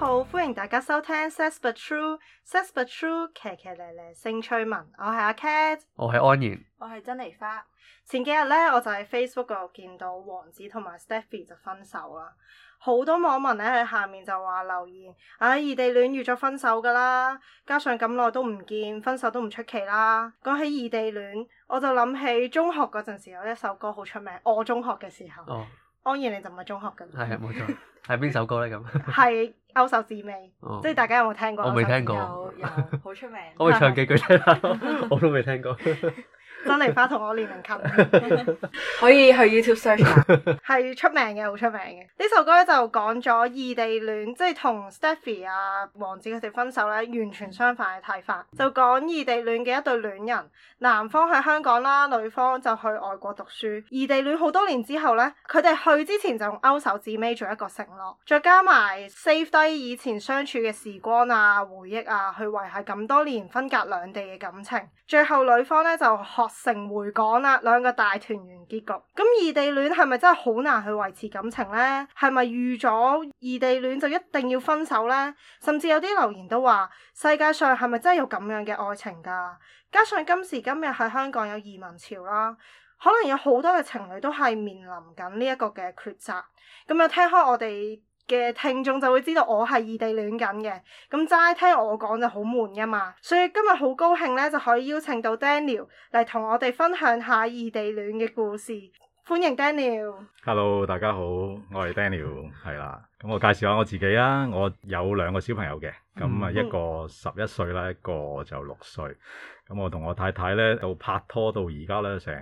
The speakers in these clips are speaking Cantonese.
好，歡迎大家收聽 Says But True，Says But True 騎騎咧咧，性趣聞。我係阿 Cat，我係安然，我係珍妮花。前幾日咧，我就喺 Facebook 嗰度見到王子同埋 Stephy 就分手啦。好多網民咧喺下面就話留言：，唉、哎，異地戀遇咗分手噶啦，加上咁耐都唔見，分手都唔出奇啦。講起異地戀，我就諗起中學嗰陣時有一首歌好出名，我中學嘅時候。Oh. 安然你就唔係中學嘅，係啊冇錯，係邊首歌咧咁？係 《勾手指尾》，即係、oh，大家有冇聽過？我未聽過，好 出名。 我會唱幾句聽下， 我都未聽過。 《生離花》同我年齡級， 可以去 YouTube search，係出名嘅，好出名嘅。呢首歌就講咗異地戀，即係同 Stephy 啊、王子佢哋分手咧，完全相反嘅睇法。就講異地戀嘅一對戀人，男方喺香港啦，女方就去外國讀書。異地戀好多年之後咧，佢哋去之前就用勾手指尾做一個承諾，再加埋 save 低以前相處嘅時光啊、回憶啊，去維係咁多年分隔兩地嘅感情。最後女方咧就學。成回港啦，兩個大團圓結局。咁異地戀係咪真係好難去維持感情呢？係咪預咗異地戀就一定要分手呢？甚至有啲留言都話，世界上係咪真係有咁樣嘅愛情噶？加上今時今日喺香港有移民潮啦，可能有好多嘅情侶都係面臨緊呢一個嘅抉擇。咁又聽開我哋。嘅聽眾就會知道我係異地戀緊嘅，咁齋聽我講就好悶噶嘛，所以今日好高興咧，就可以邀請到 Daniel 嚟同我哋分享下異地戀嘅故事，歡迎 Daniel。Hello，大家好，我係 Daniel，係啦，咁我介紹下我自己啊，我有兩個小朋友嘅，咁啊一個十一歲啦，一個就六歲，咁我同我太太咧到拍拖到而家咧成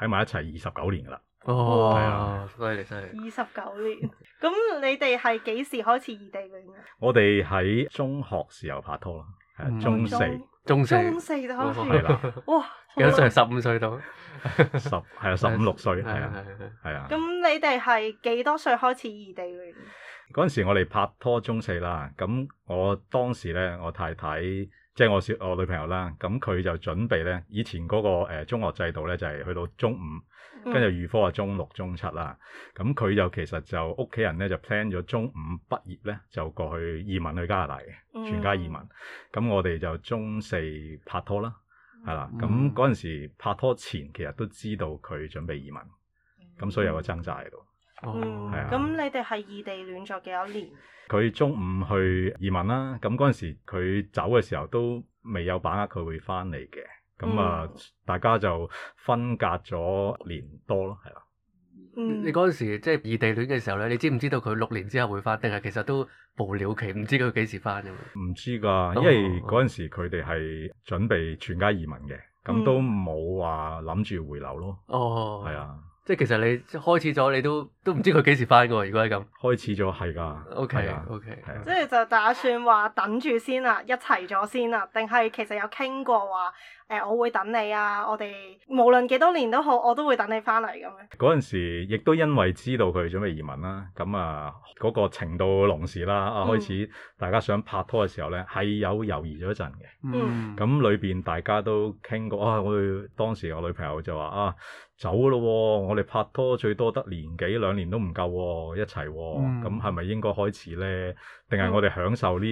喺埋一齊二十九年啦。哦，哇！犀利犀利！二十九年，咁你哋係幾時開始異地戀啊？我哋喺中學時候拍拖啦，係啊，中四，中四，中四都開始，係啦，哇，幾多歲十五歲到，十係啊，十五六歲，係啊，係啊，係啊。咁你哋係幾多歲開始異地戀？嗰陣時我哋拍拖中四啦，咁我當時咧，我太太。即係我小我女朋友啦，咁佢就準備咧，以前嗰、那個、呃、中學制度咧就係、是、去到中五，跟住預科啊，中六中七啦，咁佢就其實就屋企人咧就 plan 咗中五畢業咧就過去移民去加拿大，全家移民，咁、嗯、我哋就中四拍拖啦，係、嗯、啦，咁嗰陣時拍拖前其實都知道佢準備移民，咁所以有個掙扎喺度。嗯，咁、啊嗯、你哋係異地戀咗幾多年？佢中午去移民啦，咁嗰陣時佢走嘅時候都未有把握佢會翻嚟嘅，咁啊，嗯、大家就分隔咗年多咯，係啦、啊。嗯，你嗰陣時即係異地戀嘅時候咧，你知唔知道佢六年之後會翻定係其實都無了期，唔知佢幾時翻啫？唔知噶，因為嗰陣時佢哋係準備全家移民嘅，咁都冇話諗住回流咯。哦，係、哦、啊。即係其實你開始咗，你都都唔知佢幾時翻噶。如果係咁，開始咗係噶。O K O K，即係就打算話等住先啦，啊，一齊咗先啦，啊，定係其實有傾過話誒、呃，我會等你啊。我哋無論幾多年都好，我都會等你翻嚟，咁樣。嗰陣時亦都因為知道佢準備移民啦，咁啊嗰個情到濃時啦，啊開始大家想拍拖嘅時候咧，係有猶豫咗一陣嘅。嗯。咁、嗯、裏邊大家都傾過啊，我當時我女朋友就話啊。啊走咯、哦、我哋拍拖最多得年幾兩年都唔夠喎，一齊喎、哦，咁係咪應該開始呢？定係我哋享受呢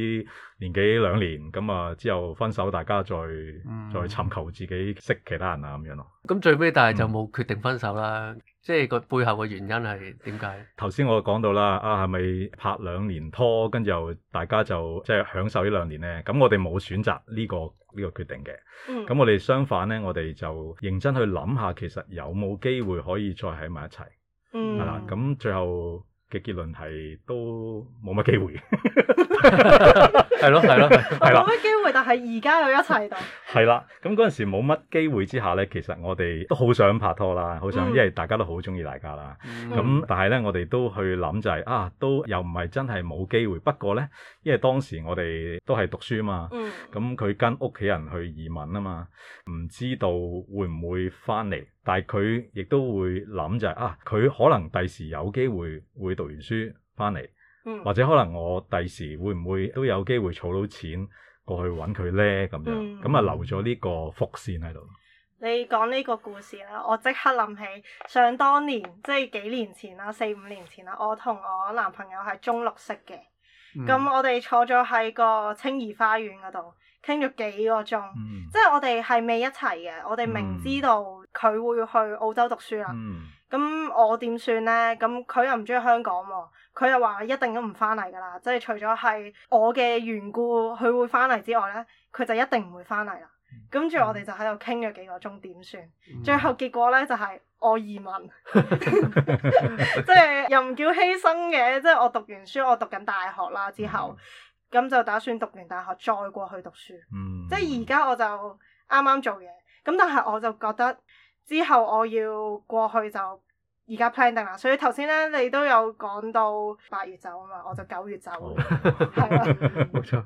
年幾兩年咁啊？之、嗯、後分手，大家再、嗯、再尋求自己認識其他人啊咁樣咯。咁、嗯、最尾，但係就冇決定分手啦。即係個背後嘅原因係點解？頭先我講到啦，啊係咪拍兩年拖，跟住又大家就即係、就是、享受呢兩年呢？咁我哋冇選擇呢、呢個呢、呢個決定嘅。咁、嗯、我哋相反呢，我哋就認真去諗下，其實有冇機會可以再喺埋一齊？係啦、嗯，咁最後嘅結論係都冇乜機會。 係咯係咯，冇乜機會，但係而家又一齊到，係啦，咁嗰陣時冇乜機會之下咧，其實我哋都好想拍拖啦，好想，因為大家都好中意大家啦。咁、嗯、但係咧，我哋都去諗就係、是、啊，都又唔係真係冇機會。不過咧，因為當時我哋都係讀書嘛，咁佢、嗯、跟屋企人去移民啊嘛，唔知道會唔會翻嚟。但係佢亦都會諗就係、是、啊，佢可能第時有機會會讀完書翻嚟。或者可能我第時會唔會都有機會儲到錢過去揾佢呢？咁、嗯、樣就，咁啊留咗呢個伏線喺度。你講呢個故事咧，我即刻諗起上當年即係幾年前啦，四五年前啦，我同我男朋友係中六識嘅。咁、嗯、我哋坐咗喺個青怡花園嗰度傾咗幾個鐘，嗯、即係我哋係未一齊嘅，我哋明知道佢會去澳洲讀書啦。嗯嗯咁我點算呢？咁佢又唔中意香港喎、啊，佢又話一定都唔翻嚟噶啦。即係除咗係我嘅緣故，佢會翻嚟之外呢，佢就一定唔會翻嚟啦。咁、嗯，跟住我哋就喺度傾咗幾個鐘，點算？嗯、最後結果呢，就係、是、我移民，即係又唔叫犧牲嘅。即係我讀完書，我讀緊大學啦，之後咁、嗯、就打算讀完大學再過去讀書。嗯、即係而家我就啱啱做嘢，咁但係我就覺得。之後我要過去就而家 plan 定啦，所以頭先咧你都有講到八月走啊嘛，我就九月走，係啊，冇錯，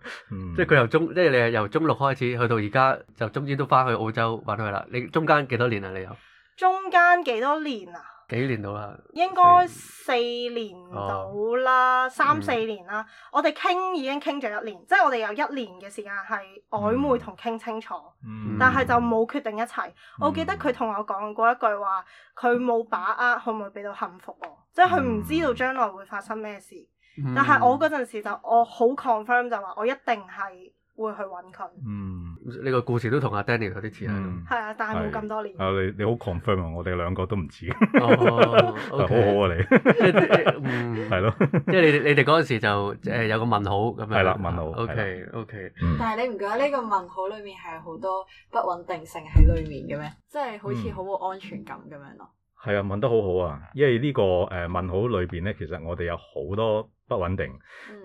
即係佢由中即係你係由中六開始去到而家就終於都翻去澳洲玩去啦，你中間幾多年啊？你有中間幾多年啊？幾年到啦，應該四年到啦，哦、三四年啦。嗯、我哋傾已經傾咗一年，即、就、係、是、我哋有一年嘅時間係曖昧同傾清楚，嗯、但係就冇決定一齊。嗯、我記得佢同我講過一句話，佢冇把握可唔可以俾到幸福喎，即係佢唔知道將來會發生咩事。嗯、但係我嗰陣時就我好 confirm 就話我一定係。會去揾佢。嗯，你個故事都同阿 Danny 有啲似啊。係啊、嗯嗯，但係冇咁多年。哦 okay、啊，你你好 confirm 啊！我哋兩個都唔似。好好啊你。嗯，係咯。即係你你哋嗰陣時就即係、呃、有個問號咁樣。係啦，問號。O K O K。Okay, 嗯、但係你唔覺得呢個問號裏面係好多不穩定性喺裏面嘅咩？即、就、係、是、好似好冇安全感咁樣咯。係啊、嗯，問得好好啊，因為呢個誒問號裏邊咧，其實我哋有好多。不穩定，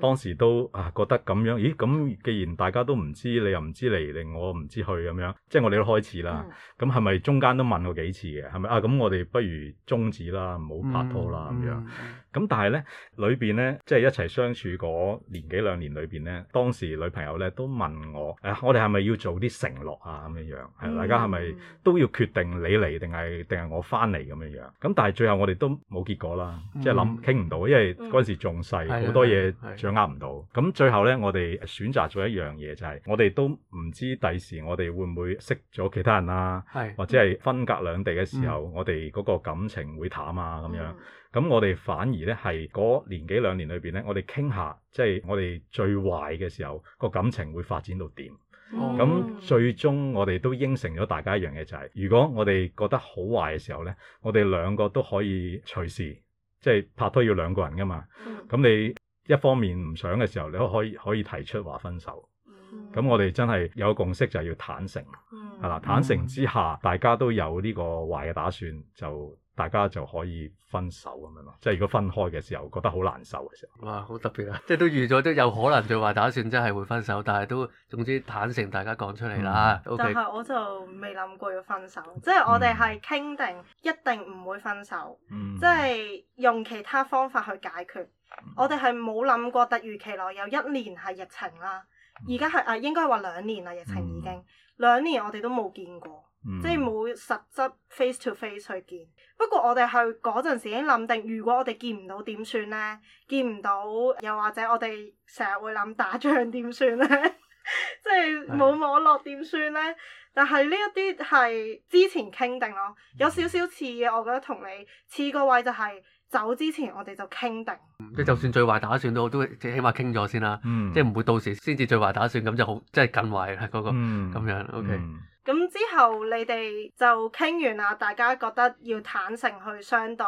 當時都啊覺得咁樣，咦咁既然大家都唔知，你又唔知嚟，令我唔知去咁樣，即係我哋都開始啦。咁係咪中間都問過幾次嘅？係咪啊？咁我哋不如終止啦，唔好拍拖啦咁、嗯、樣。咁但係咧，裏邊咧，即係一齊相處嗰年幾兩年裏邊咧，當時女朋友咧都問我，誒、啊，我哋係咪要做啲承諾啊？咁樣樣，係大家係咪都要決定你嚟，定係定係我翻嚟咁樣樣？咁但係最後我哋都冇結果啦，即係諗傾唔到，因為嗰陣時仲細，好、嗯、多嘢掌握唔到。咁最後咧，我哋選擇咗一樣嘢就係、是，我哋都唔知第時我哋會唔會識咗其他人啦、啊，係或者係分隔兩地嘅時候，嗯、我哋嗰個感情會淡啊咁樣。咁我哋反而咧係嗰年幾兩年裏邊咧，我哋傾下，即係我哋最壞嘅時候，個感情會發展到點。咁最終我哋都應承咗大家一樣嘢，就係如果我哋覺得好壞嘅時候咧，我哋兩個都可以隨時，即係拍拖要兩個人噶嘛。咁你一方面唔想嘅時候，你可可以，可以提出話分手。咁我哋真係有共識，就係要坦誠，係啦，坦誠之下大家都有呢個壞嘅打算就。大家就可以分手咁樣咯，即係如果分開嘅時候覺得好難受嘅時候。時候哇，好特別啊！即係都預咗，即有可能就話打算真係會分手，但係都總之坦誠大家講出嚟啦。但係、嗯、OK 我就未諗過要分手，即係我哋係傾定一定唔會分手，即係、嗯、用其他方法去解決。嗯、我哋係冇諗過突如其來有一年係疫情啦，而家係啊應該係話兩年啦，疫情已經、嗯、兩年，我哋都冇見過。嗯、即係冇實質 face to face 去見，不過我哋係嗰陣時已經諗定，如果我哋見唔到點算呢？見唔到又或者我哋成日會諗打仗點算呢？ 即係冇網絡點算呢？但係呢一啲係之前傾定咯，有少少似嘅，我覺得同你似個位就係走之前我哋就傾定。即、嗯、就算最壞打算都好，都起碼傾咗先啦，嗯、即係唔會到時先至最壞打算咁就好，即係更壞嗰個咁、嗯、樣。OK。嗯咁之後你哋就傾完啦，大家覺得要坦誠去相對。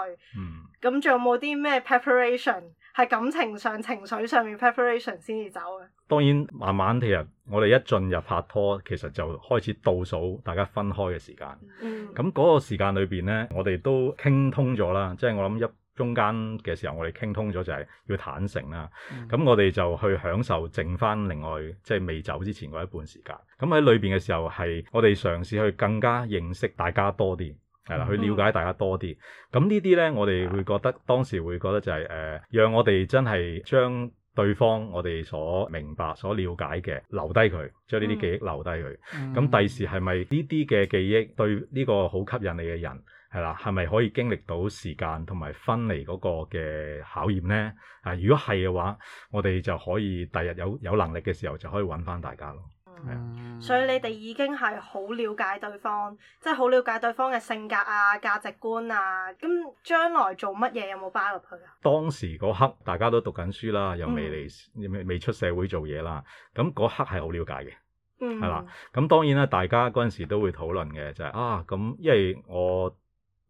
咁仲、嗯、有冇啲咩 preparation？係感情上、情緒上面 preparation 先至走嘅。當然，慢慢其實我哋一進入拍拖，其實就開始倒數大家分開嘅時間。咁嗰、嗯、個時間裏邊咧，我哋都傾通咗啦。即、就、係、是、我諗一。中間嘅時候，我哋傾通咗就係要坦誠啦。咁、mm. 我哋就去享受剩翻另外即係未走之前嗰一半時間。咁喺裏邊嘅時候係我哋嘗試去更加認識大家多啲，係啦，去了解大家多啲。咁呢啲咧，我哋會覺得的當時會覺得就係、是、誒、呃，讓我哋真係將對方我哋所明白、所了解嘅留低佢，mm. Mm hmm. 將呢啲記憶留低佢。咁第時係咪呢啲嘅記憶對呢個好吸引你嘅人？係啦，係咪可以經歷到時間同埋分離嗰個嘅考驗咧？啊，如果係嘅話，我哋就可以第日有有能力嘅時候就可以搵返大家咯。係啊、嗯，吧所以你哋已經係好了解對方，即係好了解對方嘅性格啊、價值觀啊，咁將來做乜嘢有冇包入去啊？當時嗰刻大家都讀緊書啦，又未嚟未未出社會做嘢啦，咁嗰刻係好了解嘅，係啦、嗯。咁當然啦，大家嗰陣時都會討論嘅就係、是、啊，咁因為我。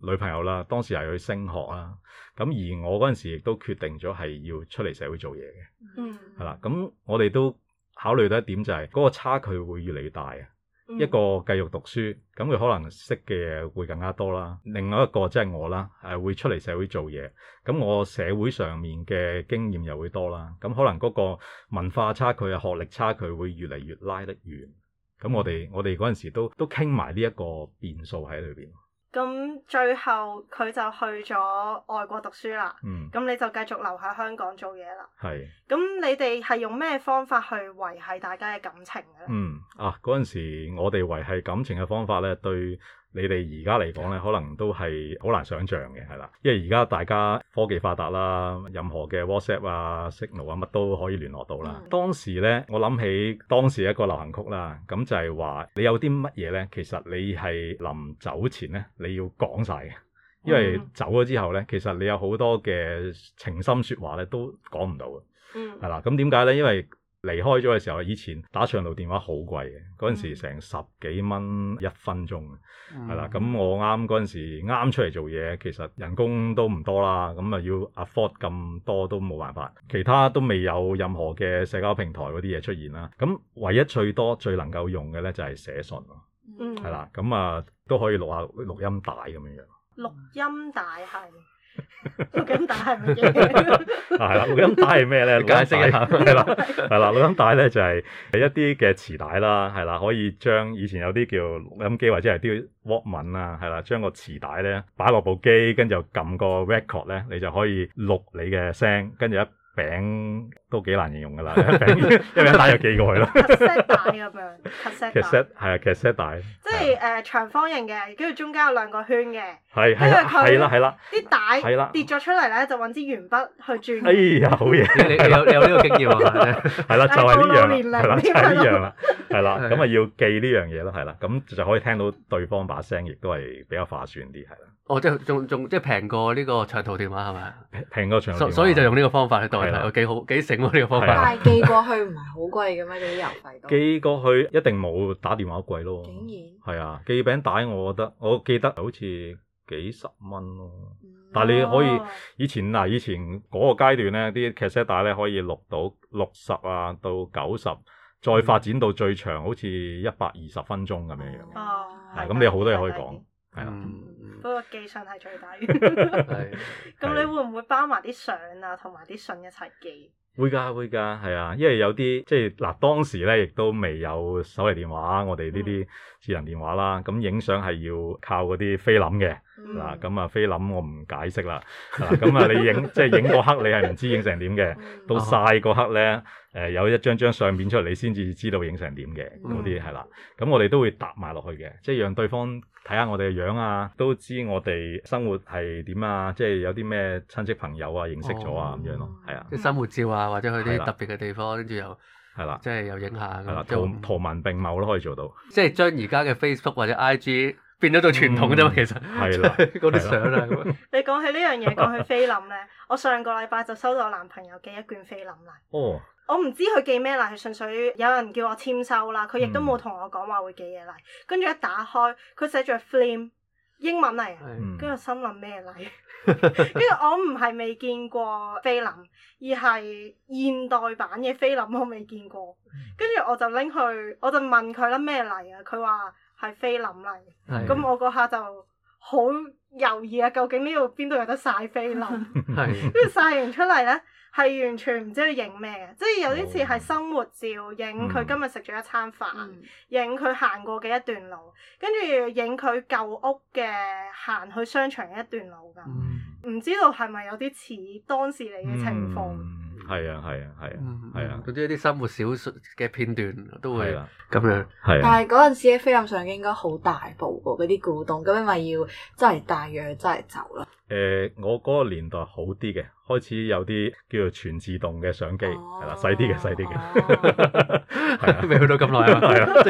女朋友啦，當時係去升學啦。咁而我嗰陣時亦都決定咗係要出嚟社會做嘢嘅。係啦、Mm.，咁我哋都考慮到一點就係嗰個差距會越嚟越大。Mm. 一個繼續讀書，咁佢可能識嘅嘢會更加多啦。另外一個即係、就是、我啦，係會出嚟社會做嘢，咁我社會上面嘅經驗又會多啦。咁可能嗰個文化差距啊、學歷差距會越嚟越拉得遠。咁我哋我哋嗰陣時都都傾埋呢一個變數喺裏邊。咁最後佢就去咗外國讀書啦。嗯。咁你就繼續留喺香港做嘢啦。係是。咁你哋係用咩方法去維繫大家嘅感情嘅咧？嗯，啊，嗰陣時我哋維繫感情嘅方法咧，對。你哋而家嚟講咧，可能都係好難想像嘅，係啦。因為而家大家科技發達啦，任何嘅 WhatsApp 啊、Signal 啊乜都可以聯絡到啦。嗯、當時咧，我諗起當時一個流行曲啦，咁就係話你有啲乜嘢咧，其實你係臨走前咧，你要講晒嘅，因為走咗之後咧，其實你有好多嘅情深説話咧都講唔到嘅，係啦、嗯。咁點解咧？因為離開咗嘅時候，以前打長途電話好貴嘅，嗰陣、嗯、時成十幾蚊一分鐘，係啦、嗯。咁我啱嗰陣時啱出嚟做嘢，其實人工都唔多啦，咁啊要 afford 咁多都冇辦法。其他都未有任何嘅社交平台嗰啲嘢出現啦。咁唯一最多最能夠用嘅咧就係寫信，嗯，係啦，咁啊都可以錄下錄音帶咁樣樣。錄、嗯、音帶係。錄音帶係咩咧？ 解釋下係啦，係啦， 錄音帶咧就係、是、係一啲嘅磁帶啦，係啦，可以將以前有啲叫錄音機或者係啲 w 握敏啊，係啦，將個磁帶咧擺落部機，跟住撳個 record 咧，你就可以錄你嘅聲，跟住一。餅都幾難形容噶啦，因為帶咗幾個去咯。set 帶咁樣，set 係啊，set 帶，即係誒長方形嘅，跟住中間有兩個圈嘅，係係係啦係啦，啲帶跌咗出嚟咧，就揾支鉛筆去轉。哎呀，好嘢，你有你有呢個經驗係啦，就係呢樣，係啦，就係呢樣啦，係啦，咁啊要記呢樣嘢咯，係啦，咁就可以聽到對方把聲，亦都係比較劃算啲，係啦。哦，即係仲仲即係平過呢個長途電話係咪？平過長途，所所以就用呢個方法去代替，幾好幾醒咯呢個方法。但係寄過去唔係好貴噶咩啲郵費？寄過去一定冇打電話貴咯。竟然係啊，寄餅帶我覺得，我記得好似幾十蚊咯。但係你可以以前嗱，以前嗰個階段咧，啲 cassette 帶咧可以錄到六十啊到九十，再發展到最長好似一百二十分鐘咁樣樣。哦，係咁，你好多嘢可以講。係啊，不過，嗯，寄信係最大嘅 是。咁你會唔會包埋啲相啊，同埋啲信一齊寄？會噶會噶，係啊，因為有啲即係嗱，當時咧亦都未有手提電話，我哋呢啲智能電話啦。咁影相係要靠嗰啲菲林嘅，嗱咁啊菲林我唔解釋啦。咁啊，嗯，你影即係影嗰刻，就是，刻你係唔知影成點嘅，嗯，到晒嗰刻咧。誒有一張張相片出嚟，你先至知道影成點嘅嗰啲係啦。咁我哋都會搭埋落去嘅，即係讓對方睇下我哋嘅樣啊，都知我哋生活係點啊，即係有啲咩親戚朋友啊認識咗啊咁樣咯，係啊。即係生活照啊，或者去啲特別嘅地方，跟住又係啦，即係有影下。係啦，圖文並茂都可以做到。即係將而家嘅 Facebook 或者 IG 變咗做傳統啫嘛，其實係啦，嗰啲相啊。你講起呢樣嘢，講起菲林咧，我上個禮拜就收到我男朋友嘅一卷菲林喇。哦。我唔知佢寄咩嚟，純粹有人叫我簽收啦。佢亦都冇同我講話會寄嘢嚟。跟住一打開，佢寫住「Flame」英文嚟，跟住的心諗咩嚟？跟 住我唔係未見過菲林，而係現代版嘅菲林我未見過。跟住我就拎去，我就問佢啦，咩嚟啊？佢話係菲林嚟。咁的我嗰下就好猶豫啊！究竟呢度邊度有得晒菲林？跟住晒完出嚟呢。係完全唔知佢影咩嘅，即係有啲似係生活照，影佢今日食咗一餐飯，影佢行過嘅一段路，跟住影佢舊屋嘅行去商場嘅一段路噶，唔、嗯、知道係咪有啲似當時你嘅情況？係啊係啊係啊，係啊，總之一啲生活小數嘅片段都會咁樣。啊、但係嗰陣時喺菲林相機應該好大部噶，嗰啲古董，咁因為要真係大約真係走啦。誒，我嗰個年代好啲嘅，開始有啲叫做全自動嘅相機，係啦，細啲嘅，細啲嘅，係啊，未去到咁耐啊，係啊，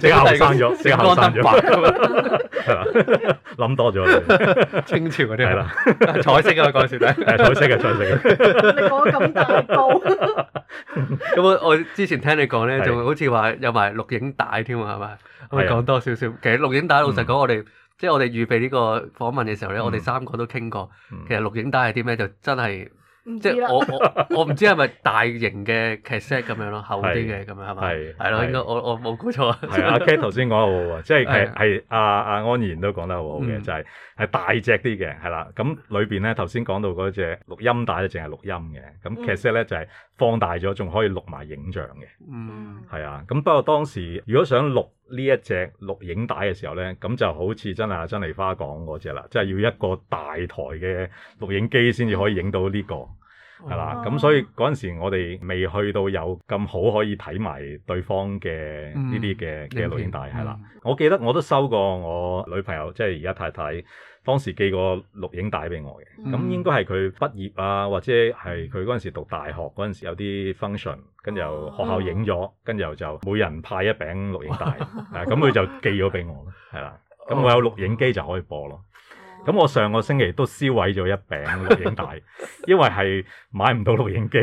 即係後生咗，後生咗，諗多咗，清朝嗰啲係啦，彩色啊，講笑。啲，係彩色嘅，彩色你講咁大步，咁我我之前聽你講咧，仲好似話有埋錄影帶添啊，係咪？可唔可以講多少少？其實錄影帶老實講，我哋。即係我哋預備呢個訪問嘅時候咧，嗯、我哋三個都傾過。嗯、其實錄影帶係啲咩？就真係，即係我我我唔知係咪大型嘅劇 set 咁樣咯，厚啲嘅咁樣係咪？係係咯，應該我我冇估錯。係阿 K 頭先講得好喎，即係係係阿阿安然都講得好好嘅，啊、就係係大隻啲嘅，係啦。咁裏邊咧頭先講到嗰隻錄音帶咧，淨係錄音嘅。咁劇 set 咧就係、是。放大咗仲可以錄埋影像嘅，係啊、嗯，咁不過當時如果想錄呢一隻錄影帶嘅時候咧，咁就好似真係阿曾梨花講嗰隻啦，即係要一個大台嘅錄影機先至可以影到呢、呢個係啦。咁所以嗰陣時我哋未去到有咁好可以睇埋對方嘅呢啲嘅嘅錄影帶係啦、嗯嗯。我記得我都收過我女朋友，即係而家太太。當時寄過錄影帶畀我嘅，咁應該係佢畢業啊，或者係佢嗰陣時讀大學嗰陣時有啲 function，跟住又學校影咗，跟住又就每人派一餅錄影帶，咁佢、 啊、就寄咗畀我咯，係啦，咁我有錄影機就可以播咯。咁我上個星期都燒毀咗一餅錄影帶， 因為係買唔到錄影機，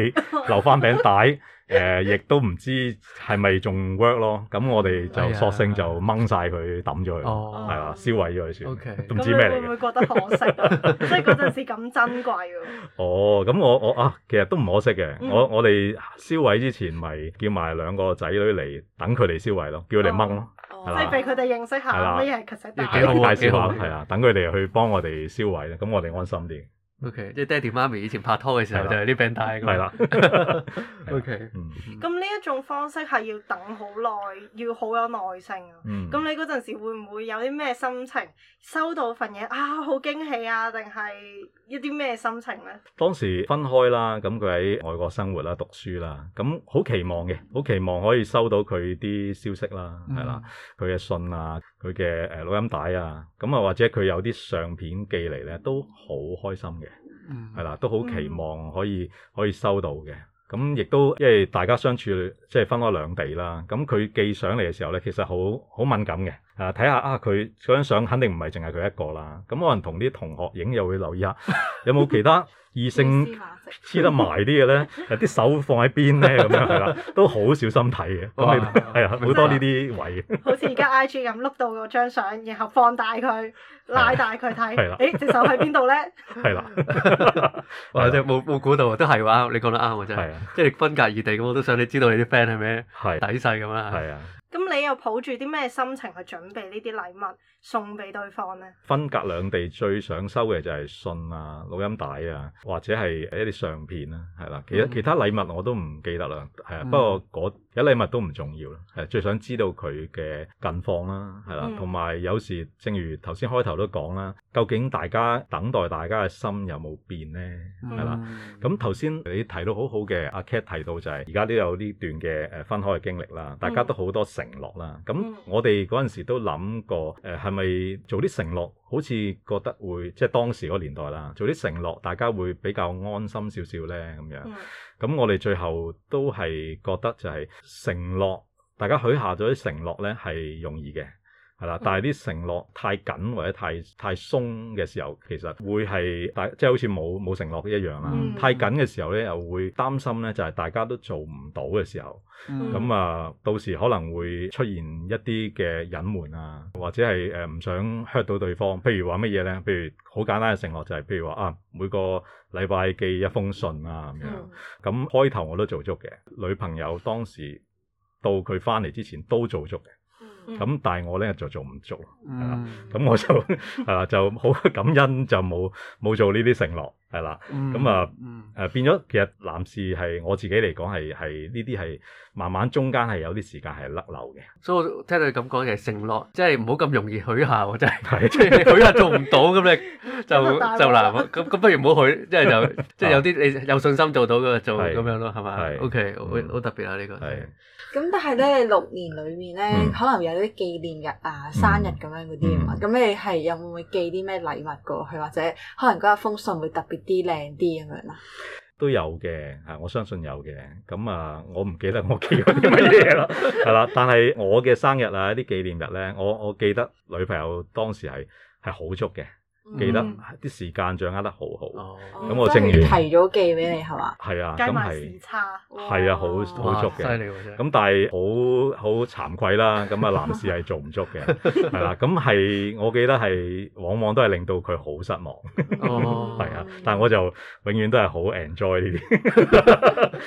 留返餅帶，誒、 呃，亦都唔知係咪仲 work 咯。咁我哋就索性就掹曬佢抌咗佢，係啊、哦，燒毀咗算。咁、哦 okay、都唔知咩，你會唔會覺得可惜，啊？ 即係嗰陣時咁珍貴喎，啊。 哦，咁我我啊，其實都唔可惜嘅。嗯、 我我哋燒毀之前，咪叫埋兩個仔女嚟等佢哋燒毀咯，叫佢哋掹咯。即係俾佢哋認識下咩嘢係確實大對，幾好大燒啊！係啊， 等佢哋去幫我哋銷毀啦，咁我哋安心啲。O.K. 即係爹哋媽咪以前拍拖嘅時候了，就係啲病態啦。對了 O.K. 咁呢一種方式係要等好耐，要好有耐性。咁、mm hmm. 你嗰陣時會唔會有啲咩心情？收到份嘢啊，好驚喜啊，定係一啲咩心情咧？當時分開啦，咁佢喺外國生活啦、讀書啦，咁好期望嘅，好期望可以收到佢啲消息啦，係啦、mm，佢、hmm. 嘅信啊，佢嘅誒錄音帶啊，咁啊或者佢有啲相片寄嚟咧，都好開心嘅。嗯，係啦，都好期望可以可以收到嘅。咁亦都，因為大家相處即係分開兩地啦。咁佢寄上嚟嘅時候咧，其實好好敏感嘅。誒，睇下啊，佢、啊、張相肯定唔係淨係佢一個啦。咁可能同啲同學影又會留意下，有冇其他。 異性黐得埋啲嘅咧，啲手放喺邊咧？咁樣，係啦，都好小心睇嘅。咁係啊，好多呢啲位嘅。好似而家 I G 咁碌到嗰張相，然後放大佢，拉大佢睇。係啦，誒隻手喺邊度咧？係啦。或者冇冇估到啊？都係喎，你講得啱啊真係。即係分隔異地咁，我都想你知道你啲 friend 係咩底勢咁啦。係啊。你又抱住啲咩心情去準備呢啲禮物送俾對方呢？分隔兩地最想收嘅就係信啊、錄音帶啊，或者係一啲相片啦、啊，係啦。其實其他禮物我都唔記得啦，係啊。嗯、不過嗰啲禮物都唔重要啦，係最想知道佢嘅近況啦、啊，係啦。同埋、嗯、有，有時正如頭先開頭都講啦，究竟大家等待大家嘅心有冇變呢？係啦、嗯。咁頭先你提到好好嘅阿、啊、Cat 提到就係而家都有呢段嘅誒分開嘅經歷啦，大家都好多成。落啦，咁我哋嗰陣時都諗過誒，係咪做啲承諾好似覺得會即係當時個年代啦，做啲承諾大家會比較安心少少咧咁樣，咁我哋最後都係覺得就係承諾大家許下咗啲承諾咧，係容易嘅。係啦，但係啲承諾太緊或者太太鬆嘅時候，其實會係大即係、就是、好似冇冇承諾一樣啦、啊。嗯、太緊嘅時候咧，又會擔心咧，就係、是、大家都做唔到嘅時候，咁、嗯、啊，到時可能會出現一啲嘅隱瞞啊，或者係誒唔想 hurt 到對方。譬如話乜嘢咧？譬如好簡單嘅承諾就係、是，譬如話啊，每個禮拜寄一封信啊咁、嗯、樣。咁開頭我都做足嘅，女朋友當時到佢返嚟之前都做足嘅。咁但係我呢就做唔足，咁、嗯、我就係啦就好感恩就冇冇做呢啲承諾。係啦，咁啊，誒變咗，其實男士係我自己嚟講係係呢啲係慢慢中間係有啲時間係甩漏嘅。所以聽到你咁講，嘅，其實承諾即係唔好咁容易許下喎，真係。係，許下做唔到咁你就就難，咁咁不如唔好許，即係就即係有啲你有信心做到嘅就咁樣咯，係嘛？OK，好好特別啊呢個。係。咁但係咧六年裏面咧，可能有啲紀念日啊、生日咁樣嗰啲啊咁你係有冇會寄啲咩禮物過去，或者可能嗰一封信會特別？啲靚啲咁樣咯，都有嘅，係我相信有嘅。咁啊，我唔記得我記咗啲乜嘢啦，係啦。 但係我嘅生日啊，啲紀念日咧，我我記得女朋友當時係係好足嘅。記得啲時間掌握得好好，咁我正係提咗寄俾你係嘛？係啊，加埋時差，係啊，好好足嘅。犀利喎！咁但係好好慚愧啦，咁啊男士係做唔足嘅，係啦。咁係我記得係往往都係令到佢好失望。哦，係啊，但係我就永遠都係好 enjoy 呢啲。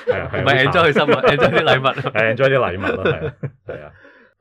係啊，唔係 enjoy 收物，enjoy 啲禮物，enjoy 啲禮物咯，係啊，係啊。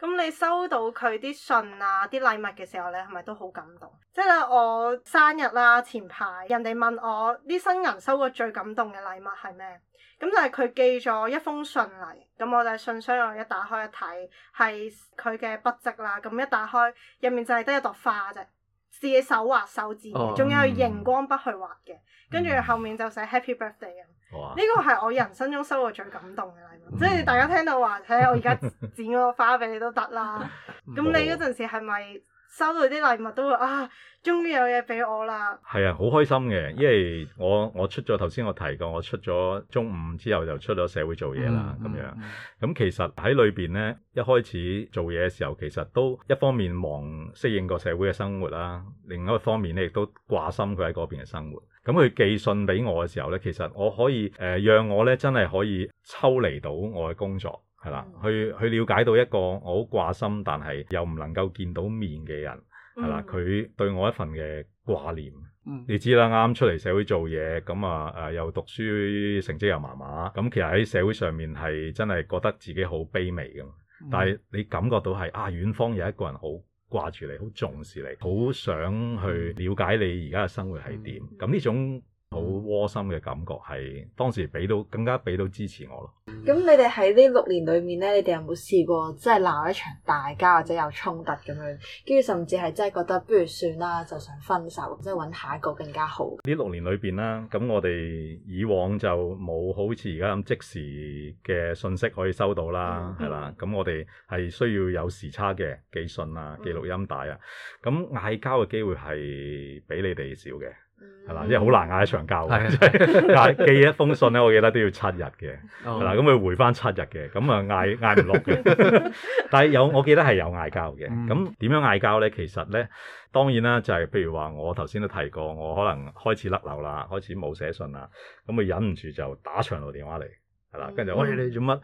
咁你收到佢啲信啊，啲禮物嘅時候咧，係咪都好感動？即係咧我生日啦，前排人哋問我啲新人收過最感動嘅禮物係咩？咁就係佢寄咗一封信嚟，咁我就係信箱我一打開一睇，係佢嘅筆跡啦。咁一打開入面就係得一朵花啫，自己手畫手指，仲、oh. 有螢光筆去畫嘅，跟住後面就寫 Happy Birthday。呢個係我人生中收到最感動嘅禮物， 即係大家聽到話，睇下我而家剪嗰個花俾你都得啦。咁 你嗰陣時係咪？收到啲禮物都會啊，終於有嘢俾我啦！係啊，好開心嘅，因為我我出咗頭先我提過，我出咗中午之後就出咗社會做嘢啦，咁、嗯嗯嗯、樣。咁、嗯嗯嗯、其實喺裏邊咧，一開始做嘢嘅時候，其實都一方面忙適應個社會嘅生活啦，另一個方面咧亦都掛心佢喺嗰邊嘅生活。咁、嗯、佢、嗯、寄信俾我嘅時候咧，其實我可以誒、呃、讓我咧真係可以抽離到我嘅工作。係啦，去去瞭解到一個我好掛心，但係又唔能夠見到面嘅人，係啦、嗯，佢對我一份嘅掛念。嗯、你知啦，啱出嚟社會做嘢，咁啊誒，又讀書成績又麻麻，咁其實喺社會上面係真係覺得自己好卑微嘅。嗯、但係你感覺到係啊，遠方有一個人好掛住你，好重視你，好想去了解你而家嘅生活係點。咁呢種。好窩心嘅感覺係當時俾到更加俾到支持我咯。咁你哋喺呢六年裏面咧，你哋有冇試過真係鬧一場大交或者有衝突咁樣，跟住甚至係真係覺得不如算啦，就想分手，即係揾下一個更加好？呢六年裏邊啦，咁我哋以往就冇好似而家咁即時嘅信息可以收到啦，係 啦。咁我哋係需要有時差嘅寄信啊、記錄音帶啊，咁嗌交嘅機會係比你哋少嘅。係啦，因為好難嗌一場交嘅，即係的 寄一封信咧，我記得都要七日嘅，係啦、oh.，咁佢回翻七日嘅，咁啊嗌嗌唔落嘅。 但係有，我記得係有嗌交嘅。咁點的樣嗌交咧？其實咧，當然啦，就係、是、譬如話我頭先都提過，我可能開始甩漏啦，開始冇寫信啦，咁佢忍唔住就打長途電話嚟。係啦，跟住就喂，你做乜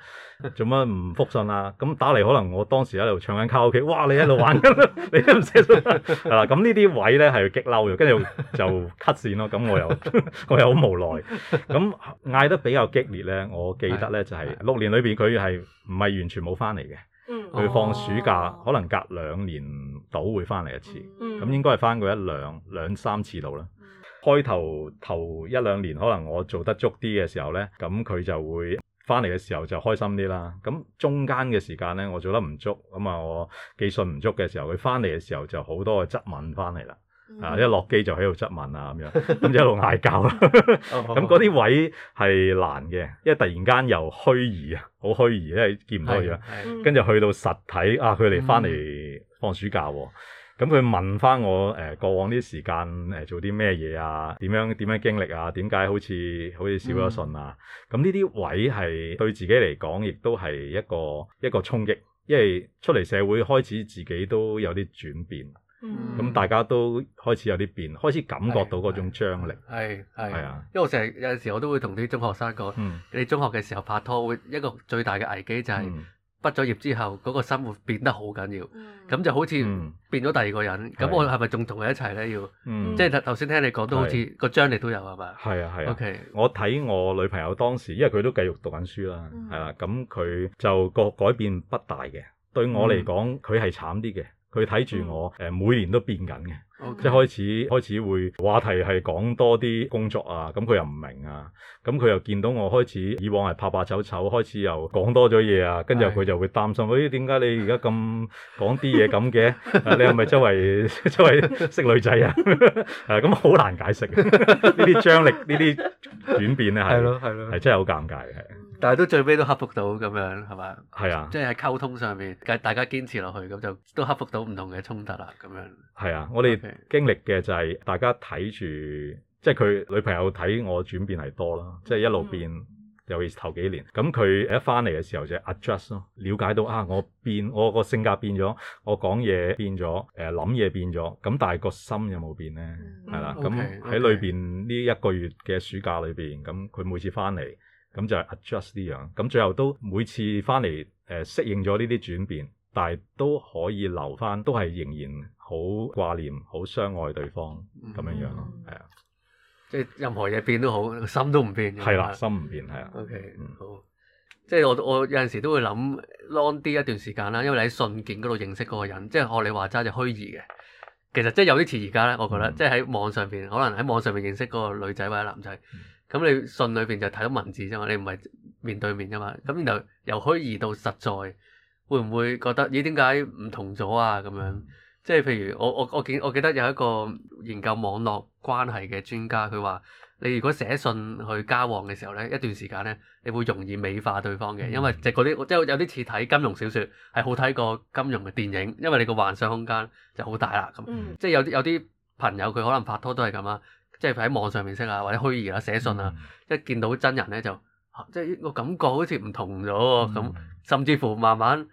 做乜唔覆信啦、啊？咁打嚟可能我當時喺度唱緊卡拉 OK，哇你喺度玩㗎，你都唔寫信啦。係啦， 咁呢啲位咧係激嬲嘅，跟住就 cut 線咯。咁我又 我又好無奈。咁嗌得比較激烈咧，我記得咧就係、是、六年裏邊佢係唔係完全冇翻嚟嘅？佢、嗯、放暑假、哦、可能隔兩年度會翻嚟一次。嗯，咁應該係翻過一兩兩三次度啦。開頭頭一兩年可能我做得足啲嘅時候咧，咁佢就會翻嚟嘅時候就開心啲啦。咁中間嘅時間咧，我做得唔足，咁啊我寄信唔足嘅時候，佢翻嚟嘅時候就好多嘅質問翻嚟啦。嗯、啊，一落機就喺度質問啊咁樣，咁一路嗌交。咁嗰啲位係難嘅，因為突然間又虛擬啊，好虛擬，因為見唔到樣，跟住、嗯、去到實體啊，佢哋翻嚟放暑假。嗯咁佢問翻我誒、呃、過往啲時間誒、呃、做啲咩嘢啊？點樣點樣經歷啊？點解好似好似少咗信啊？咁呢啲位係對自己嚟講，亦都係一個一個衝擊，因為出嚟社會開始自己都有啲轉變。嗯。咁大家都開始有啲變，開始感覺到嗰種張力。係係。係啊，因為我成日有陣時我都會同啲中學生講，嗯、你中學嘅時候拍拖會，會一個最大嘅危機就係、是。嗯嗯畢咗業之後，嗰、那個生活變得好緊要，咁就好似變咗第二個人。咁、嗯、我係咪仲同佢一齊咧？要，嗯、即係頭先聽你講都好似個張力都有啊嘛。係啊係啊。啊、OK，我睇我女朋友當時，因為佢都繼續讀緊書啦，係啦、啊，咁佢就個改變不大嘅。對我嚟講，佢係慘啲嘅。佢睇住我，誒、嗯、每年都變緊嘅。Okay. 即係開始開始會話題係講多啲工作啊，咁佢又唔明啊，咁佢又見到我開始以往係怕怕醜醜開始又講多咗嘢啊，跟住佢就會擔心，喂、 哎，點解你而家咁講啲嘢咁嘅？你係咪周圍周圍識女仔啊？係啊，咁好難解釋，呢 啲張力呢啲 轉變咧係咯係咯，係 真係好尷尬嘅係。但係都最尾都克服到咁樣係嘛？係啊，即係喺溝通上面，大家堅持落去咁就都克服到唔同嘅衝突啦。咁樣係啊，我哋經歷嘅就係大家睇住，即係佢女朋友睇我轉變係多啦。即係一路變，嗯、尤其是頭幾年。咁佢一翻嚟嘅時候就係 adjust 咯，了解到啊，我變，我個性格變咗，我講嘢變咗，誒諗嘢變咗。咁但係個心有冇變咧？係啦、嗯，咁喺裏邊呢一個月嘅暑假裏邊，咁佢每次翻嚟。咁就係 adjust 呢樣，咁最後都每次翻嚟，誒、呃、適應咗呢啲轉變，但係都可以留翻，都係仍然好掛念、好相愛對方咁樣樣咯，係、嗯、啊。即係任何嘢變都好，心都唔變。係啦，心唔變係啊。啊 OK、嗯、好。即係我我有陣時都會諗 long 啲一段時間啦，因為你喺信件嗰度認識嗰個人，即係學你話齋就虛擬嘅，其實即係有啲似而家咧，我覺得、嗯、即係喺網上邊，可能喺網上邊認識嗰個女仔或者男仔。男咁你信裏邊就睇到文字啫嘛，你唔係面對面㗎嘛，咁然後由虛擬到實在，會唔會覺得咦點解唔同咗啊咁樣？即係譬如我我我見我記得有一個研究網絡關係嘅專家，佢話你如果寫信去交往嘅時候咧，一段時間咧，你會容易美化對方嘅，因為就嗰啲即係有啲似睇金庸小説係好睇過金庸嘅電影，因為你個幻想空間就好大啦咁，嗯、即係有啲有啲朋友佢可能拍拖都係咁啦。即係喺網上面識啊，或者虛擬啊，寫信啊，即係、嗯、見到真人咧就，啊、即係個感覺好似唔同咗咁，嗯、甚至乎慢慢，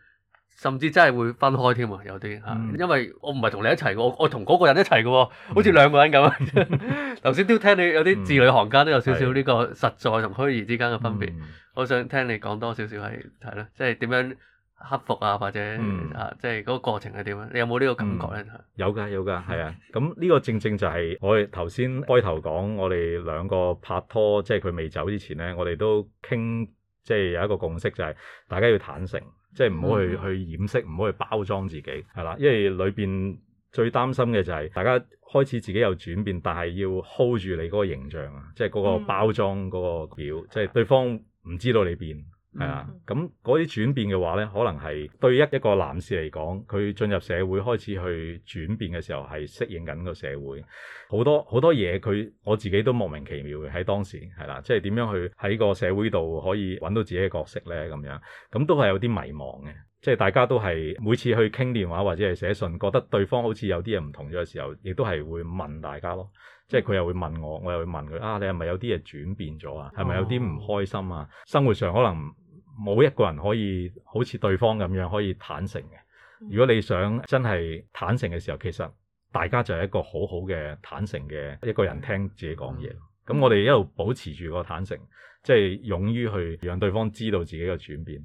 甚至真係會分開添啊，有啲嚇，嗯、因為我唔係同你一齊我我同嗰個，個人一齊嘅喎，好似兩個人咁。頭先都聽你有啲字裏行間都有少少呢個實在同虛擬之間嘅分別，嗯、我想聽你講多少少係係咯，即係點樣？克服啊，或者、嗯、啊，即係嗰個過程係點啊？你有冇呢個感覺咧、嗯？有㗎，有㗎，係啊。咁呢 個正正就係我哋頭先開頭講，我哋兩個拍拖，即係佢未走之前咧，我哋都傾，即、就、係、係、有一個共識，就係、係、大家要坦誠，即係唔好去去掩飾，唔好、嗯、去、去包裝自己，係啦。因為裏邊最擔心嘅就係大家開始自己有轉變，但係要 hold 住你嗰個形象啊，即係嗰個包裝嗰個表，即係、嗯、對方唔知道你變。係啊，咁嗰啲轉變嘅話咧，可能係對一一個男士嚟講，佢進入社會開始去轉變嘅時候，係適應緊個社會，好多好多嘢佢我自己都莫名其妙嘅喺當時係啦，即係點樣去喺個社會度可以揾到自己嘅角色咧咁樣，咁都係有啲迷茫嘅，即係大家都係每次去傾電話或者係寫信，覺得對方好似有啲嘢唔同咗嘅時候，亦都係會問大家咯，即係佢又會問我，我又會問佢啊，你係咪有啲嘢轉變咗啊？係咪有啲唔開心啊？哦、生活上可能。冇一個人可以好似對方咁樣可以坦誠嘅。如果你想真係坦誠嘅時候，其實大家就係一個好好嘅坦誠嘅一個人聽自己講嘢。咁、嗯、我哋一路保持住個坦誠，即係勇於去讓對方知道自己嘅轉變。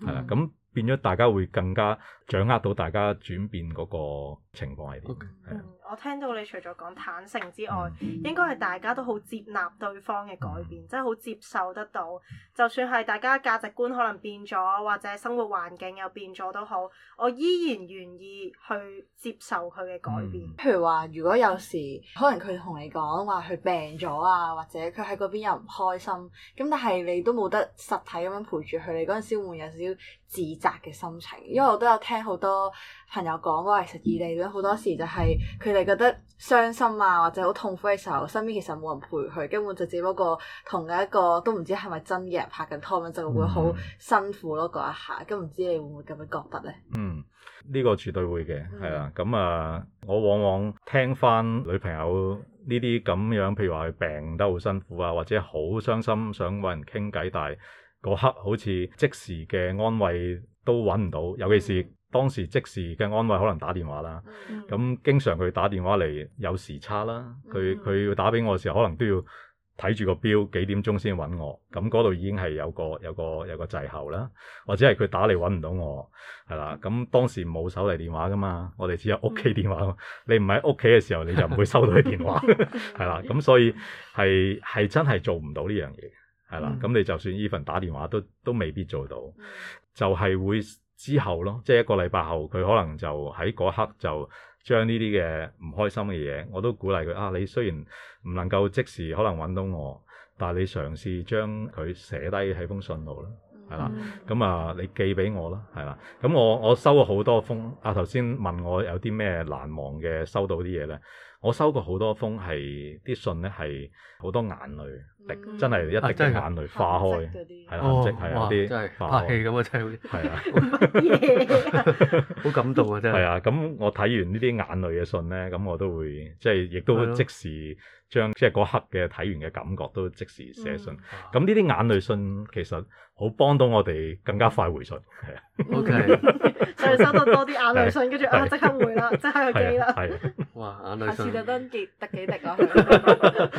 係啦、嗯，咁變咗大家會更加掌握到大家轉變嗰個情況係點？我聽到你除咗講坦誠之外，嗯、應該係大家都好接納對方嘅改變，嗯、即係好接受得到。嗯、就算係大家價值觀可能變咗，或者生活環境又變咗都好，我依然願意去接受佢嘅改變。嗯、譬如話，如果有時可能佢同你講話佢病咗啊，或者佢喺嗰邊又唔開心，咁但係你都冇得實體咁樣陪住佢，你嗰陣時會有少少自責嘅心情。因為我都有聽好多朋友講話，其實異地好多時就係佢哋覺得傷心啊，或者好痛苦嘅時候，身邊其實冇人陪佢，根本就只不過同一個都唔知係咪真嘅拍緊拖咁，就是、會好辛苦咯、啊。嗰、嗯、一下，咁唔知你會唔會咁樣覺得咧？嗯，呢、呢個絕對會嘅，係啊、嗯，咁啊，我往往聽翻女朋友呢啲咁樣，譬如話佢病得好辛苦啊，或者好傷心，想搵人傾偈，但係嗰刻好似即時嘅安慰都搵唔到，尤其是、嗯。當時即時嘅安慰可能打電話啦，咁、嗯、經常佢打電話嚟有時差啦，佢佢、嗯、要打俾我嘅時候可能都要睇住個表幾點鐘先揾我，咁嗰度已經係有個有個有個滯後啦，或者係佢打嚟揾唔到我，係啦，咁當時冇手提電話噶嘛，我哋只有屋企電話、嗯、你唔喺屋企嘅時候你就唔會收到電話，係、嗯、 啦，咁所以係係真係做唔到呢樣嘢，係啦，咁、嗯、你就算依份打電話都都，都未必做到，就係、是、會。之後咯，即係一個禮拜後，佢可能就喺嗰刻就將呢啲嘅唔開心嘅嘢，我都鼓勵佢啊！你雖然唔能夠即時可能揾到我，但係你嘗試將佢寫低喺封信度啦，係啦，咁啊，你寄畀我啦，係啦，咁我我收過好多封，啊頭先問我有啲咩難忘嘅收到啲嘢咧，我收過好多封係啲信咧係好多眼淚真係一滴眼淚化開，係啦，即係啲拍戲咁啊，真係好啲，啊，好感動啊，真係啊！咁我睇完呢啲眼淚嘅信咧，咁我都會即係亦都即時將即係嗰刻嘅睇完嘅感覺都即時寫信。咁呢啲眼淚信其實好幫到我哋更加快回信。係啊，所以收得多啲眼淚信，跟住啊即刻回啦，即刻寄啦。係哇，眼淚信。下次就登幾得幾滴咯。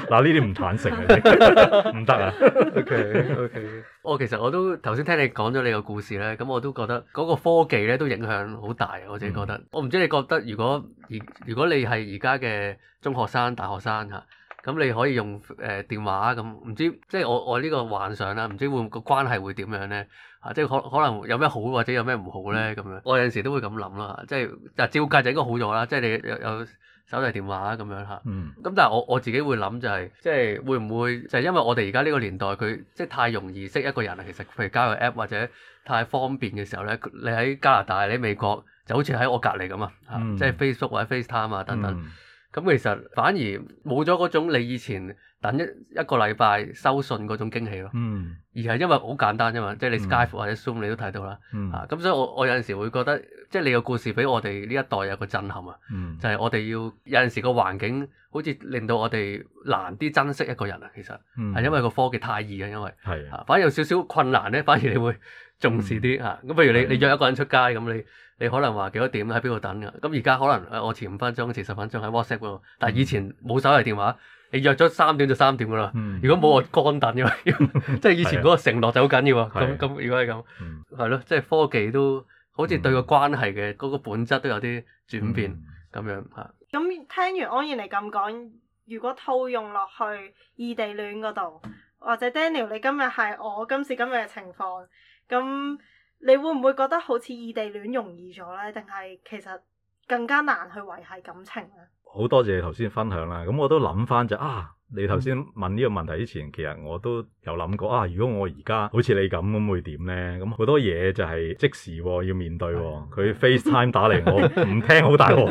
嗱，呢啲唔坦誠嘅。唔得啊！OK OK，我其實我都頭先聽你講咗你個故事咧，咁我都覺得嗰個科技咧都影響好大，我自己覺得。我唔知你覺得如果而如果你係而家嘅中學生、大學生吓，咁你可以用誒電話咁，唔知即係我我呢個幻想啦，唔知會個關係會點樣咧吓，即係可可能有咩好或者有咩唔好咧咁樣。我有陣時都會咁諗啦，即係但係照計就應該好咗啦，即係你又又。手提電話啊咁樣吓。咁但係我我自己會諗就係、是，即係會唔會就係、是、因為我哋而家呢個年代佢即係太容易識一個人啊，其實譬如交友 App 或者太方便嘅時候咧，你喺加拿大、你喺美國就好似喺我隔離咁啊，嗯、即係 Facebook 或者 FaceTime 啊等等。嗯嗯。咁其實反而冇咗嗰種你以前等一一個禮拜收信嗰種驚喜咯，嗯，而係因為好簡單啫嘛，即係你 Skype，嗯，或者 Zoom 你都睇到啦，嗯，啊，咁所以我我有陣時會覺得，即係你個故事俾我哋呢一代有個震撼啊，嗯，就係我哋要有陣時個環境好似令到我哋難啲珍惜一個人啊，其實，嗯，係因為個科技太易啊，因為，係啊，反而有少少困難咧，反而你會重視啲啊，咁不如你你約一個人出街咁你。你可能話幾多點喺邊度等㗎？咁而家可能誒、哎、我前五分鐘、前十分鐘喺 WhatsApp 喎。但係以前冇手提電話，你約咗三點就三點噶啦。嗯、如果冇我乾等嘅話，即係、嗯、 以前嗰個承諾就好緊要。咁咁、嗯、如果係咁，係咯、嗯，即係、就是、科技都好似對個關係嘅嗰、嗯、個本質都有啲轉變咁、嗯、樣嚇。咁、嗯、聽完安然嚟咁講，如果套用落去異地戀嗰度，或者 Daniel，你今日係我今時今日嘅情況咁。你會唔會覺得好似異地戀容易咗咧？定係其實更加難去維繫感情咧？好多謝你頭先分享啦。咁我都諗翻就啊，你頭先問呢個問題之前，其實我都有諗過啊。如果我而家好似你咁咁會點咧？咁好多嘢就係即時、哦、要面對、哦。佢的 FaceTime 打嚟 我唔聽，好大鑊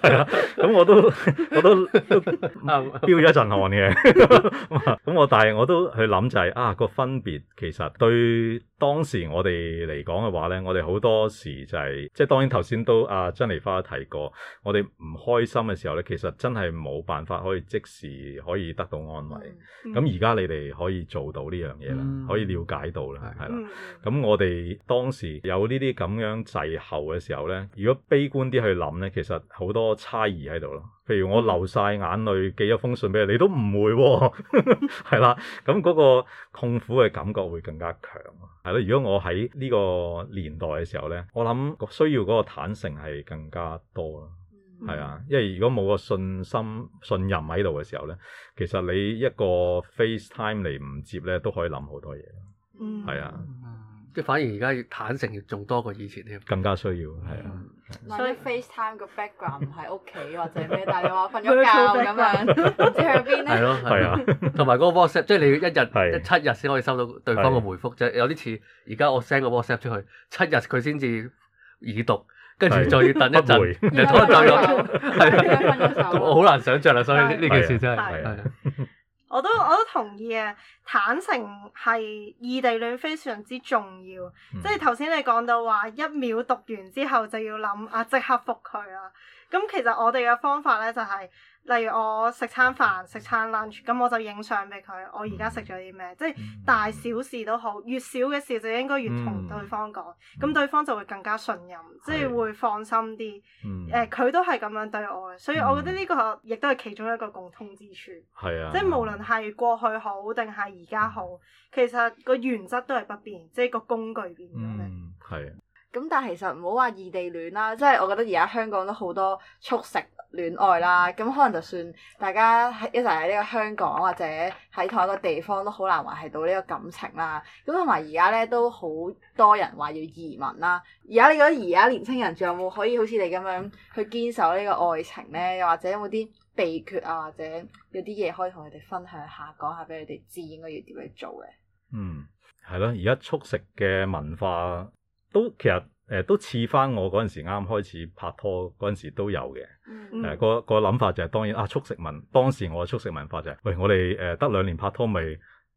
係啦。咁我都我都飆咗 一陣汗嘅。咁 我但係我都去諗就係、是、啊，那個分別其實對。當時我哋嚟講嘅話咧，我哋好多時就係、是、即係當然頭先都阿、啊、珍妮花提過，我哋唔開心嘅時候咧，其實真係冇辦法可以即時可以得到安慰。咁而家你哋可以做到呢樣嘢啦，嗯、可以了解到啦，係啦。咁、嗯、我哋當時有呢啲咁樣滯後嘅時候咧，如果悲觀啲去諗咧，其實好多差異喺度咯。譬如我流晒眼淚寄一封信俾你，你都唔會、哦，係 啦。咁嗰個痛苦嘅感覺會更加強。係咯，如果我喺呢個年代嘅時候呢，我諗需要嗰個坦誠係更加多咯，係啊，因為如果冇個信心信任喺度嘅時候呢，其實你一個 FaceTime 嚟唔接呢，都可以諗好多嘢，係啊。即係反而而家要坦誠要仲多過以前添，更加需要，係啊。所以 FaceTime 個 background 唔喺屋企或者咩，但係你話瞓咗覺咁樣，都知去邊咧？係咯，係啊。同埋嗰個 WhatsApp，即係你一日即七日先可以收到對方嘅回覆，即係有啲似而家我 send 個 WhatsApp 出去，七日佢先至已讀，跟住再要等一陣，就拖咗落，好難想像啊！所以呢件事真係。我都同意啊！坦誠係異地戀非常之重要，即係頭先你講到話一秒讀完之後就要諗啊，即刻覆佢啦。咁其實我哋嘅方法咧就係，例如我食餐飯食餐 lunch，咁我就影相俾佢，我而家食咗啲咩，即係大小事都好，越小嘅事就應該越同對方講，咁對方就會更加信任，即係會放心啲。誒，佢都係咁樣對我嘅，所以我覺得呢個亦都係其中一個共通之處。係啊，即係無論係。過去好定係而家好，其實個原則都係不變，即係個工具變咗啦。係啊、嗯，咁但係其實唔好話異地戀啦，即係我覺得而家香港都好多速食戀愛啦。咁可能就算大家喺一齊喺呢個香港或者喺同一個地方，都好難維係到呢個感情啦。咁同埋而家呢，都好多人話要移民啦。而家你覺得而家年青人仲有冇可以好似你咁樣去堅守呢個愛情呢？又或者有冇啲？秘訣啊，或者有啲嘢可以同佢哋分享下，講下俾佢哋知應該要點樣做嘅。嗯，係咯，而家速食嘅文化都其實誒、呃、都似翻我嗰陣時啱開始拍拖嗰陣時都有嘅。誒、呃嗯、個個諗法就係、是、當然啊，速食文當時我嘅速食文化就係、是，喂，我哋誒得兩年拍拖咪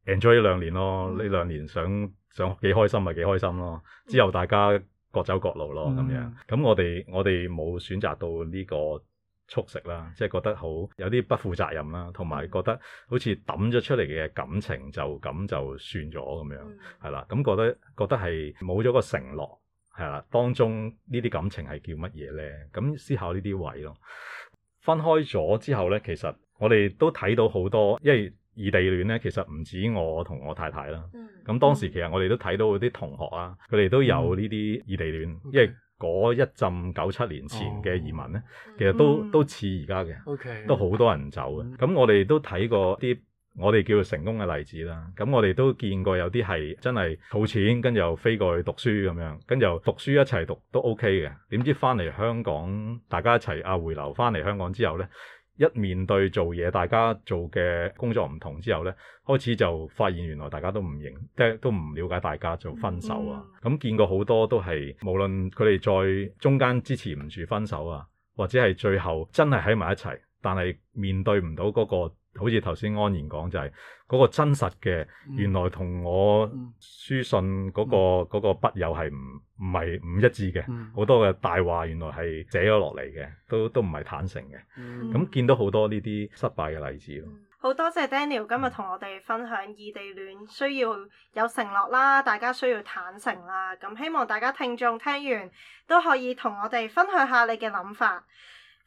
enjoy 呢兩年咯，呢、嗯、兩年想想幾開心咪幾開心咯，之後大家各走各路咯咁樣。咁、嗯、我哋我哋冇選擇到呢、呢個。速食啦，即係覺得好有啲不負責任啦，同埋覺得好似揼咗出嚟嘅感情就咁就算咗咁樣，係啦、嗯，咁覺得覺得係冇咗個承諾，係啦，當中呢啲感情係叫乜嘢咧？咁思考呢啲位咯，分開咗之後咧，其實我哋都睇到好多，因為異地戀咧，其實唔止我同我太太啦，咁、嗯、當時其實我哋都睇到啲同學啊，佢哋都有呢啲異地戀，嗯、因為。嗰一陣九七年前嘅移民咧，其實都都似而家嘅，都好 Okay. 多人走嘅。咁我哋都睇過啲，我哋叫做成功嘅例子啦。咁我哋都見過有啲係真係儲錢，跟住又飛過去讀書咁樣，跟住又讀書一齊讀都 OK 嘅。點知翻嚟香港，大家一齊啊，回流翻嚟香港之後咧。一面對做嘢，大家做嘅工作唔同之後咧，開始就發現原來大家都唔認，即係都唔了解大家就分手啊。咁、嗯、見過好多都係無論佢哋在中間支持唔住分手啊，或者係最後真係喺埋一齊，但係面對唔到嗰個。好似頭先安然講就係、係、嗰個真實嘅，嗯、原來同我書信嗰、嗰個嗰筆、嗯、友係唔唔係唔一致嘅，好、嗯、多嘅大話原來係寫咗落嚟嘅，都都唔係坦誠嘅。咁、嗯、見到好多呢啲失敗嘅例子咯。好、嗯、多謝 Daniel 今日同我哋分享異地戀需要有承諾啦，大家需要坦誠啦。咁希望大家聽眾聽完都可以同我哋分享下你嘅諗法。